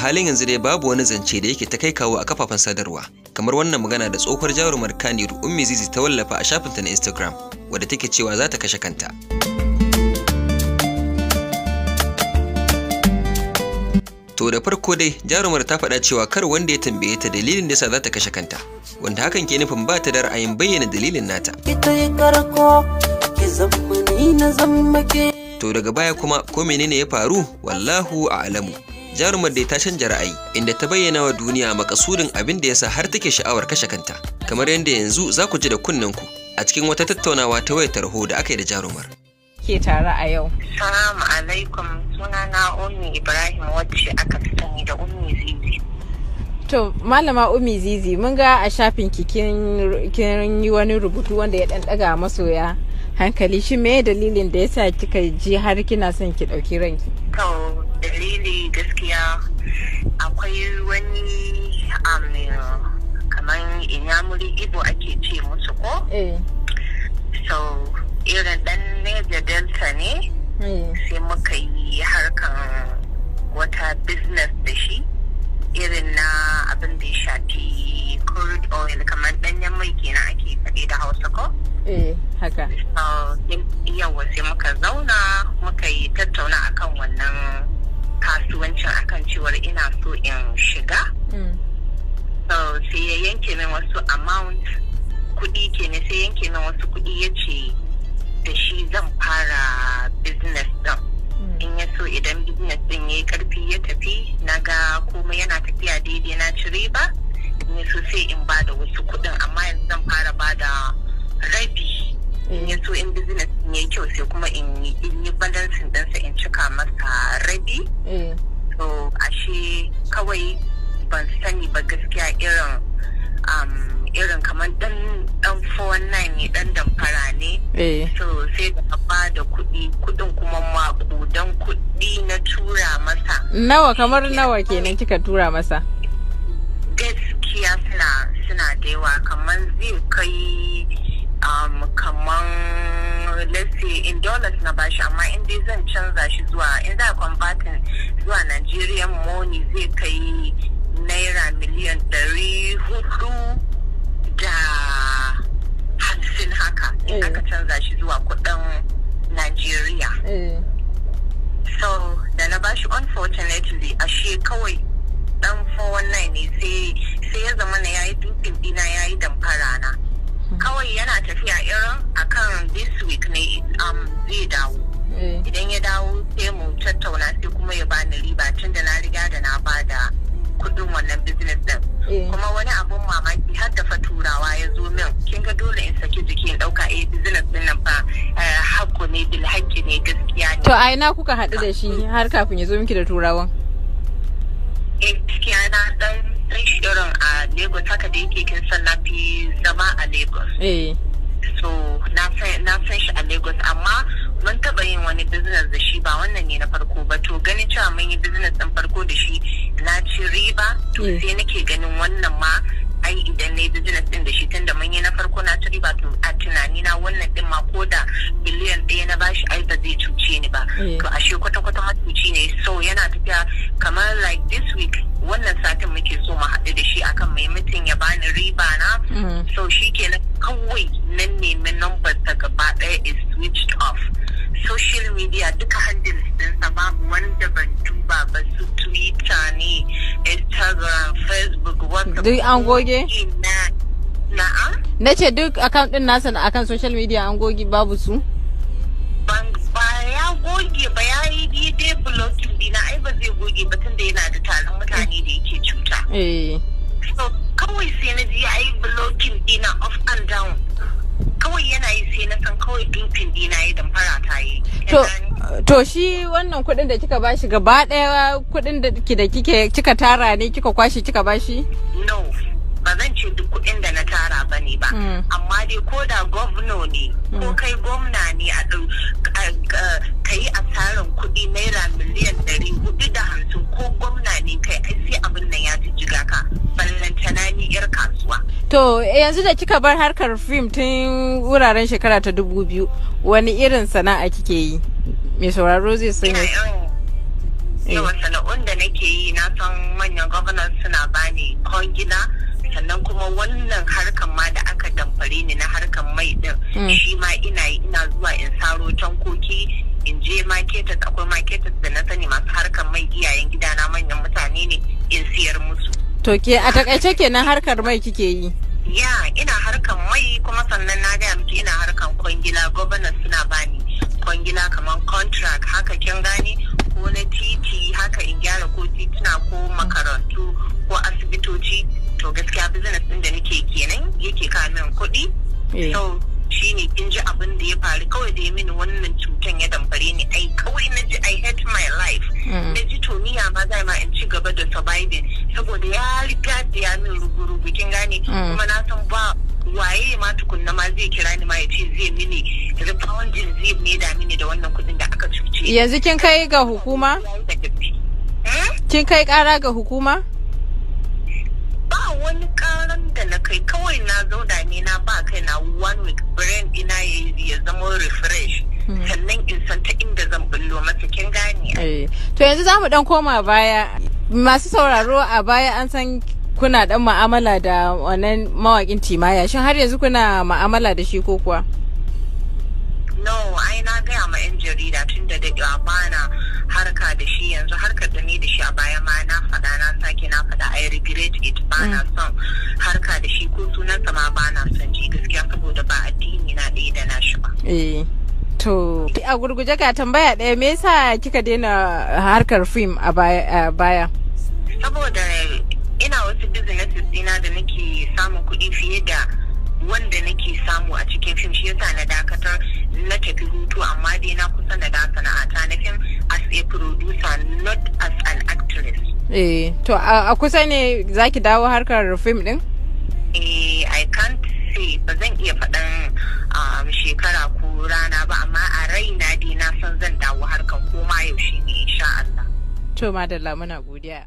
halin yanzu dai babu wani zance da yake ta kai kawo a kafafen sadarwa kamar wannan magana da tsohuwar jarumar kanir ummi zizi ta wallafa a ta na instagram wadda take cewa za ta kashe kanta to da farko dai jarumar ta faɗa cewa kar wanda ya tambaye ta dalilin da yasa za ta kashe kanta wanda hakan ke nufin ba ta da ra'ayin bayyana dalilin nata to daga baya kuma ko menene ya faru wallahu a'lamu jarumar da ta canja ra'ayi inda ta bayyana wa duniya makasudin abin da yasa har take sha'awar kashe kanta kamar yadda yanzu za ku ji da kunnen ku a cikin wata tattaunawa ta wayar tarho da aka yi da jarumar ke tare a yau. Salamu alaikum sunana Ummi Ibrahim wacce aka fi sani da Ummi Zizi. To malama Ummi Zizi mun ga a shafin ki kin yi wani rubutu wanda ya dan daga masoya hankali shi me dalilin da yasa kika ji har kina son ki dauki ranki? To dalili gaskiya akwai wani um, kamar inyamuri ibo ake ce musu ko? Eh. so irin dan neja delta ne eh. sai muka yi harkan wata business da shi irin na abin da ya shafi crude oil kamar danyen mai kenan ake faɗi da hausa ko? eh haka yawa sai muka zauna muka yi tattauna akan wannan kasuwancin akan cewar ina so in shiga hmm. sai ya yanke min wasu amount kuɗi ne sai yanke min wasu kuɗi ya ce da shi zan fara business ɗin hmm. in ya so idan business ɗin ya yi ƙarfi ya tafi na ga komai yana tafiya daidai na ci riba in so sai in ba da wasu kuɗin amma yanzu zan fara ba da rabi in ya eh. so in business ɗin ya yi kyau sai kuma in yi balansin ɗin kawai ban sani ba gaskiya irin um, irin kamar dan dan 419 ne dan damfara ne eh. so sai da ba da kuɗi kudin kuma makudan kuɗi na tura masa nawa kamar nawa kenan kika tura masa gaskiya suna suna da yawa kamar zai kai um, kamar let's say in dollars na bashi amma in dai zan canza shi zuwa in za a zuwa Nigerian money zai kai ce kawai dan 419 ne sai ya zama na yayi dukkan dina yayi damfara na hmm. kawai yana tafiya irin akan this week ne um, zai dawo eh. idan ya dawo sai mu tattauna sai kuma ya bani riba tun da na riga da na bada kudin wannan business din eh. kuma wani abun mamaki har da faturawa ya zo min kin ga dole in saki jiki in dauka eh business din nan ba eh, hakku ne bil hakki ne gaskiya ne to a ina kuka haɗu da shi har kafin ya zo miki da turawan Lagos haka da yake kin san na fi zama a Lagos. Eh. So na san shi a Lagos amma mun taɓa yin wani business da shi ba wannan ne na farko ba to ganin cewa mun yi business ɗin farko da shi na ci riba to eh. sai nake ganin wannan ma ai idan na yi business ɗin da shi tunda mun yi na farko na ci so shikenan kawai nan nemi number ta gaba daya is switched off social media duka handin ɗinsa babu wanda ban duba ba su twitter ne instagram facebook whatsapp duk an goge na'a na ce duk akan din nasa na akan social media an goge babu su ba ya goge ba ya yi daidai blocking dina ai ba zai goge ba tunda yana da talin mutane da yake cuta eh. kawai sai na ji ya yi blocking dina off and down kawai yana yi sai na san kawai dupin dina ya damfara ta yi to shi wannan kuɗin da kika bashi gaba ɗaya kuɗin da kike kika tara ne kika kwashi kika bashi no ba zan ce duk kuɗin da na tara ba ne ba mm. amma dai ko da gwamna ne ko mm. kai gwamna ne a ka yi asarar kuɗi naira miliyan ɗari hudu da hamsin ko gwamna To eh, yanzu da kika bar harkar fim tun wuraren shekara ta dubu biyu wani irin sana'a kike yi? Mai sauraro zai san eh. yawan sana'un da nake yi na san manyan gwamnan suna bani kongina sannan kuma wannan harkan ma da aka damfare ni na harkar mai din mm. shi ma ina yi ina zuwa in saro tankoki in je marketed akwai market da To ke a takaice kenan harkar mai kike yi? Ya ina harkar mai kuma sannan na gaya miki ina harkar kwangila governance ne mm. kuma na san ba waye ma tukunna ma zai kira ni ma ya ce zai mini rebounding zai da mini da wannan kudin da aka cuce yanzu kin kai ga hukuma eh? kin kai kara ga hukuma ba wani karan da na kai kawai na zauna ne na ba kai na one week brain ina ya zama refresh mm. sannan in san ta inda zan bullo masa kin gane eh. to yanzu za mu dan koma baya masu sauraro a baya an san kuna dan ma'amala da wannan mawakin timaya shin har yanzu kuna ma'amala da shi ko kuwa no ai na gaya ma yan jarida tun da da bana harka da shi yanzu harkar da ni da shi a baya ma na faɗa na sake na faɗa I regret it ba na mm. son harka da shi ko sa ma ba na son ji gaskiya saboda ba addini na ɗaya da na shi ba. Eh. To, a gurguje ka tambaya ɗaya me yasa kika daina harkar fim a baya? cikin fim shi yasa na dakatar na tafi hutu amma dai na kusa na da sana'ata na fim as a producer not as an actress eh to a kusa ne zaki dawo harkar fim din eh i can't say ba zan iya faɗan um, shekara ko rana ba amma a raina dai na san zan dawo harkar koma yaushe ne insha Allah to madalla muna godiya